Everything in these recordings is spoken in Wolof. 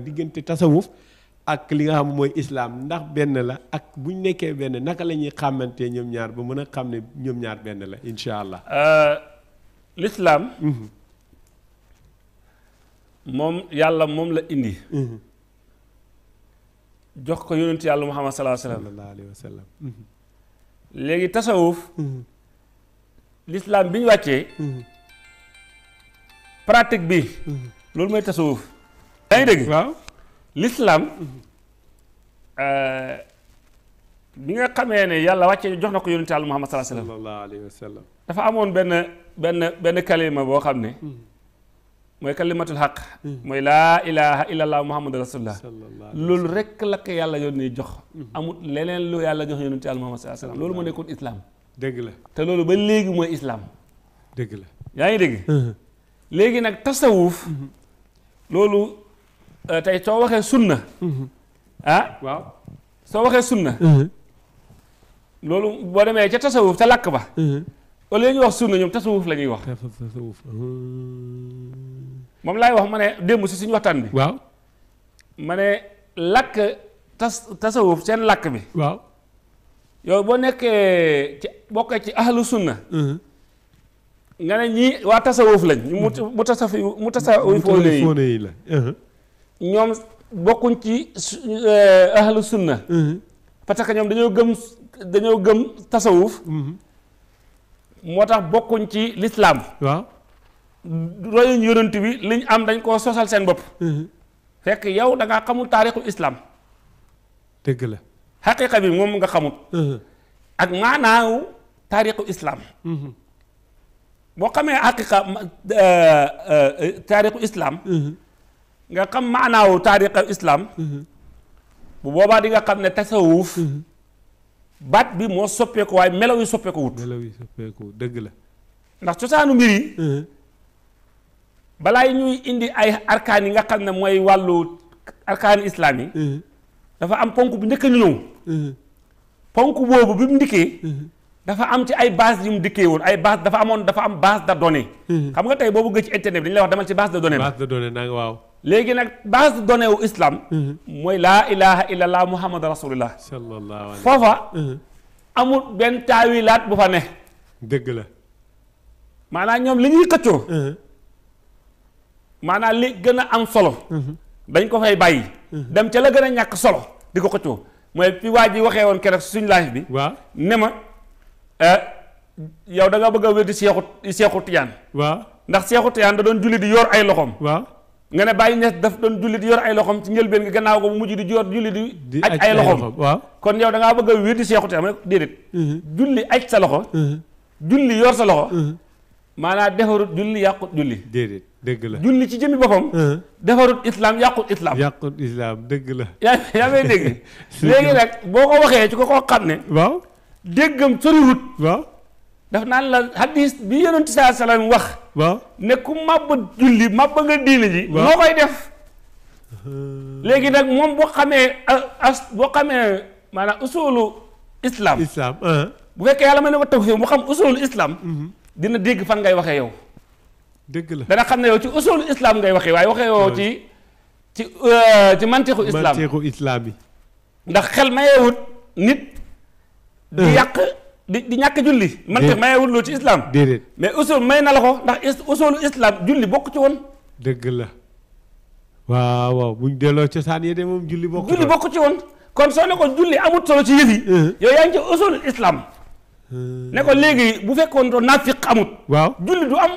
diggante tasawuf ak li nga xam mooy islaam ndax benn la ak bu ñu nekkee benn naka la ñuy xàmmantee ñoom ñaar ba mën a xam ne ñoom ñaar benn la incha allah. Euh, l'islam. Mhm. moom yàlla moom la indi. Mhm. jox ko yonent yàlla muhammad sallallahu alayhi wa sallam. Mhm. léegi tasawuf. l'islam bi ñu wàccee. pratique bi. loolu mooy tasawuf. yaa ngi dégg lislaam l'islam euh, bi nga xamee ne yàlla wàccee jox na ko yonente yàlla Muhammad sallallahu alayhi wa sallam dafa amoon benn benn benn kalima boo xam ne hmm. mooy kalimatul xaq hmm. mooy laa ilaha illallah muhammadu rasulullah loolu rek la ko yàlla yónnee jox hmm. amul leneen lu yàlla jox yonente yàlla Muhammad sallallahu alayhi wa loolu moo nekkoon islam dëgg la te loolu ba léegi mooy islaam dëgg la yaa ngi dégg léegi nag tasawuf loolu tey soo waxee sunna ah waaw soo waxee sunna loolu boo demee ca tasawuf ca làkk ba au lieu ñu wax sunna ñoom tasawuf la ñuy wax moom laay wax ma ne démb si suñu waxtaan bi waaw ma ne làkk tas tasawuf seen làkk bi waaw yow boo nekkee ci bokkee ci ahlu sunna nga ne ñii waa tasawuf lañ mu mu tasafi mu tasawif fóone yi la ñoom bokkuñ ci euh, ahlu sunna mhm. parce que ñoom dañoo gëm dañoo gëm tasawuf mhm. moo tax bokkuñ ci lislaam waaw royuñ yonent bi liñ am dañ koo sosal seen bopp mhm. fekk yow dangaa ngaa xamul taarixu islaam dëgg la xaqiqa bi moom nga xamul ak maanaaw taarixu islaam boo xamee xaqiqa euh, euh, taarixu islaam nga xam maanaawu taarix al islam mhm. bu boobaa di nga xam ne tasawuf mhm. baat bi moo soppeeku waaye melaw yi soppeeku wut wut dëgg la ndax cosaanu mbir yi mhm. balaa ñuy indi ay arkaan yi nga xam ne mooy wàllu arkaan islaam yi dafa am ponk bu njëkk ñu ñëw ponk boobu bi mu ndikkee dafa am ci ay base yu mu dikkee woon ay base dafa amoon dafa am base de données xam nga tey boo bëggee ci internet bi dañu lay wax demal ci base de données nag waaw léegi nag base de données wu islam. Mhm. mooy laa ilaha illallah muhammad rasulullah. sallallahu alayhi foofa. Mhm. amul benn taawilaat bu fa ne. dëgg la. maanaa ñoom li ñuy xëccoo. Mhm. maanaam li gën a am solo. dañ ko fay bàyyi. dem ca la gën a ñàkk solo di ko xëccoo mooy fi waa ji waxee woon keroog suñu live bi. waaw ne ma eh, yow da nga bëgg a wér di seexu seexu tijaan. waaw ndax seexu tijaan da doon julli di yor ay loxoom. waaw. nga ne Baye Niass daf doon jullit yor ay loxom ci njëlbeen gi gannaaw ko bu mujj di yor julli di. di aj ay loxom waaw kon yow da bëgg a wér di seexu te am rek déedéet. Mm-hmm. julli sa loxo. Mm-hmm. julli yor sa loxo. Mm-hmm. maanaam defarut julli yàqut julli. déedéet dëgg la julli ci jëmmi boppam. defarut islam yàqut islam. yàqut islam dëgg la. yaa yaa dégg léegi nag boo ko waxee ci ko koo xam ne. waaw déggam soriwut. waaw daf naan la hadis bi yonent saa salaam wax. waaw ne ku màbb julli màbb nga diine ji moo koy def uh-huh. léegi nag moom boo xamee uh, as boo xamee maanaam usulu islam islam uh-huh. bu fekkee yàlla mën na ko tawfiq mu xam usulu islam uh-huh. dina dégg fan ngay waxee yow dëgg la dana xam ne yow ci usulu islam ngay waxee waaye waxee yow ci ci uh, ci mantixu islam mantixu islam bi ndax xel mayewut nit di yàq di di ñàkk julli. man tax mayewul loo ci islam. déedéet mais usul may na la ndax usulu islam julli bokk ci woon. dëgg la waaw waaw buñ delloo cosaan yi de moom julli bokk julli bokk ci woon kon soo ne ko julli amut solo ci yëf yi. yow yaa ngi usul islam. ne ko léegi bu fekkoon doon naafiq amut. waaw julli du am.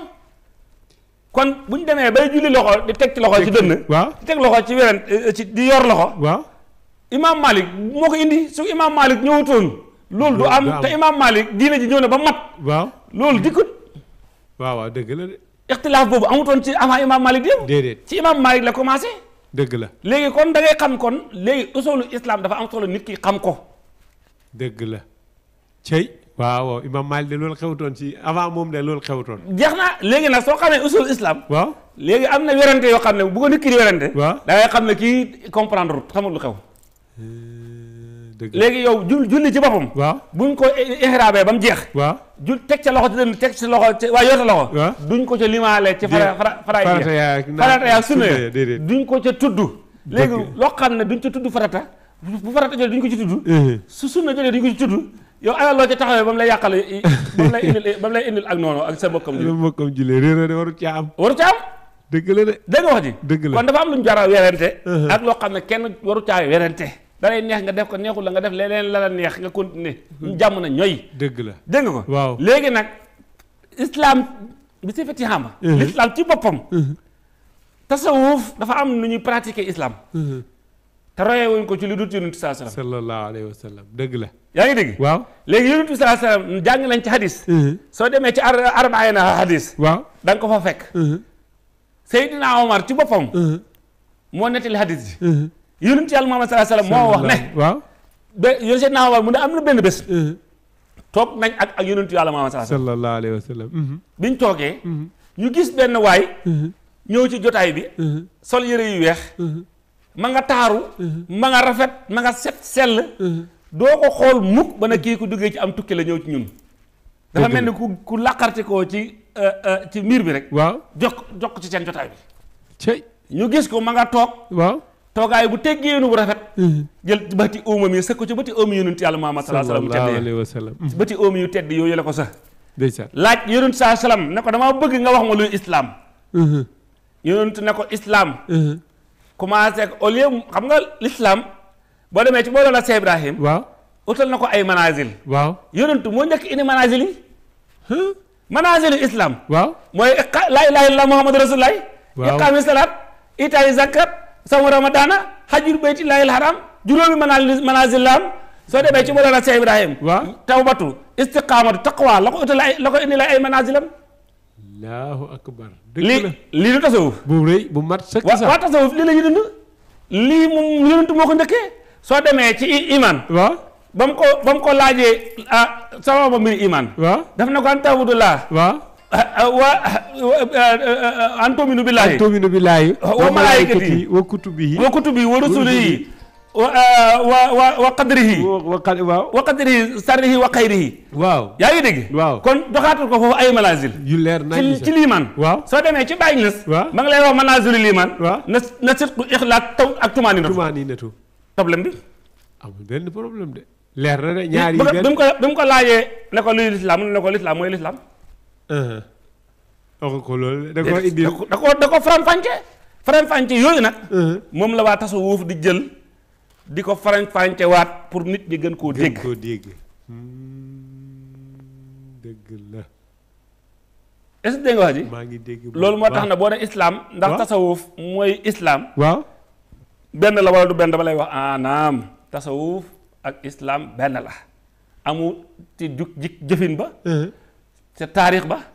kon bu ñu demee bay julli loxo di teg ci loxo ci dënn. waaw di teg loxo ci weren eh, di yor loxo. waaw imaam Malik moo ko indi su imaam Malik ñëwutoon. loolu du am te imaam Malik diine ji ñëw na ba mat. waaw loolu dikkut. waaw waaw dëgg la de. ixtilaaf boobu amutoon ci avant imaam Malik yëpp. déedéet ci imaam Malik la commencé. dëgg la léegi kon da ngay xam kon léegi usulu islam dafa am solo nit ki xam ko. dëgg la. cey waaw imaam Malik de loolu xewutoon ci avant moom de loolu xewutoon. jeex na léegi nag soo xamee usulu islam. waaw léegi am na werante yoo xam ne bu ko nit ki di werante. waaw da ngay xam ne kii comprendre xamul lu xew. Hmm. léegi yow jul julli ci boppam waaw buñ ko ihraabee ba mu jeex waax jul teg ca loxo te teg loxo waaw yor sa loxo ko ca limaale ci farata yaa farata yaa sunna ko ca tudd léegi loo xam ne duñ ca tudd farata bu farata jëlee duñ ko ci tudd su sunna jëlee duñ ko ci tudd yow alal loo ca taxawee ba mu lay yàqal ba mu lay indil ba mu lay ak noonu ak sa mbokkam julli mbokkam julli réeroo de waru caa am waru caa am dëgg la de dégg nga wax ji dëgg kon dafa am lu ñu jar a werante ak loo xam ne kenn waru caa werante dalay neex nga def ko neexul la nga def leneen la la neex nga continuer hmm. jàmm na ñooy. dëgg la dégg ko. waaw léegi nag islam bi si feti xama hmm. l'islam ci boppam. Hmm. tasawuf dafa am nu ñuy pratiquer islam. te royee wuñ ko ci lu dul yonent saa salaam. sallallahu alayhi dëgg la. yaa ngi dégg. waaw léegi yonent saa salaam jàng nañ ci hadis. soo demee ci ar arbaayana hadis. waaw da ko fa fekk. Seydina Omar ci boppam. moo nettali hadis ji. yonent yàlla Muhammad sallallahu alayhi wasallam moo wax ne waaw ba yonent si naa war mu ne am na benn bés uh-huh. toog nañ ak ak yonentu yàlla Muhammad sallallahu alayhi wasallam uh-huh. biñ toogee uh-huh. ñu gis benn waay ñëw ci jotaay bi sol yëre yu weex ma nga taaru ma nga rafet ma nga set sell doo ko xool mukk ba ne kii ku duggee ci am tukki la ñëw ci ñun dafa mel ni ku ku làqarti koo ci euh, euh, ci miir bi rek waaw jox jox ci seen jotaay bi ñu gis ko ma nga toog waaw toogaay bu teggeenu bu rafet mm-hmm. jël bati óomam yi sëkk ko ci bati óomi yonent yàlla Muhammad sallallahu alayhi wa sallam mm-hmm. bati óomi yu tedd yooyu la ko sax laaj yonent saa salaam ne ko damaa bëgg nga wax ma luy islaam mm-hmm. yonent ne ko islaam commencé ak au lieu xam nga lislaam boo demee ci boo doon la see Ibrahim waaw utal na ko ay manazil waaw yonent moo njëkk indi manazil yi manazilu islam waaw mooy laa ilaaha illa Muhammadu rasulullaah iqaami salaat itaay zakat samu ramadana hajjul baytillahil haram juróomi manazil la am soo demee ci Mawlana Cheikh Ibrahim waaw tawbatu istiqaamatu taqwa la ko utale la ko indi la ay manazilam allahu akbar lii lii du tasawuf bu rëy bu mat sëkk sax waa tasawuf lii la ñu dund lii moom ko njëkkee soo demee ci iman waaw ba mu ko ba mu ko laajee ah sama ba mbiri iman waaw daf na ko an taabudullah waaw wa an tuminu billahi an tuminu billahi wa malaikatihi wa kutubihi wa kutubihi wa rusulihi wa wa uh, wa qadrihi wa qadrihi sarrihi wa xayrihi waaw yaa ngi dégg waaw kon doxaatal ko foofu ay manazil yu leer nañ ci liimaan waaw soo demee ci bàyyi nas waaw ma ngi manazilu liimaan waaw na na sitku ixlaaq taw ak tumaninatu tumaninatu problème bi amul benn problème leer na de ñaar ko ba mu ko laajee ne ko luy lislaam mu ne waxu ko loolu da ko da ko faram-fàccee yooyu nag. moom la waa tasawuf di jël di ko faram-fàccee waat pour nit ñi gën koo dégg. gën koo hmm. maa ngi dégg loolu moo tax na boo ne islam. ndax tasawuf mooy islaam waaw benn la wala du benn dama lay wax anaam ah, tasawuf ak islaam benn la amul ci jug jik jëfin ba. ca taarix ba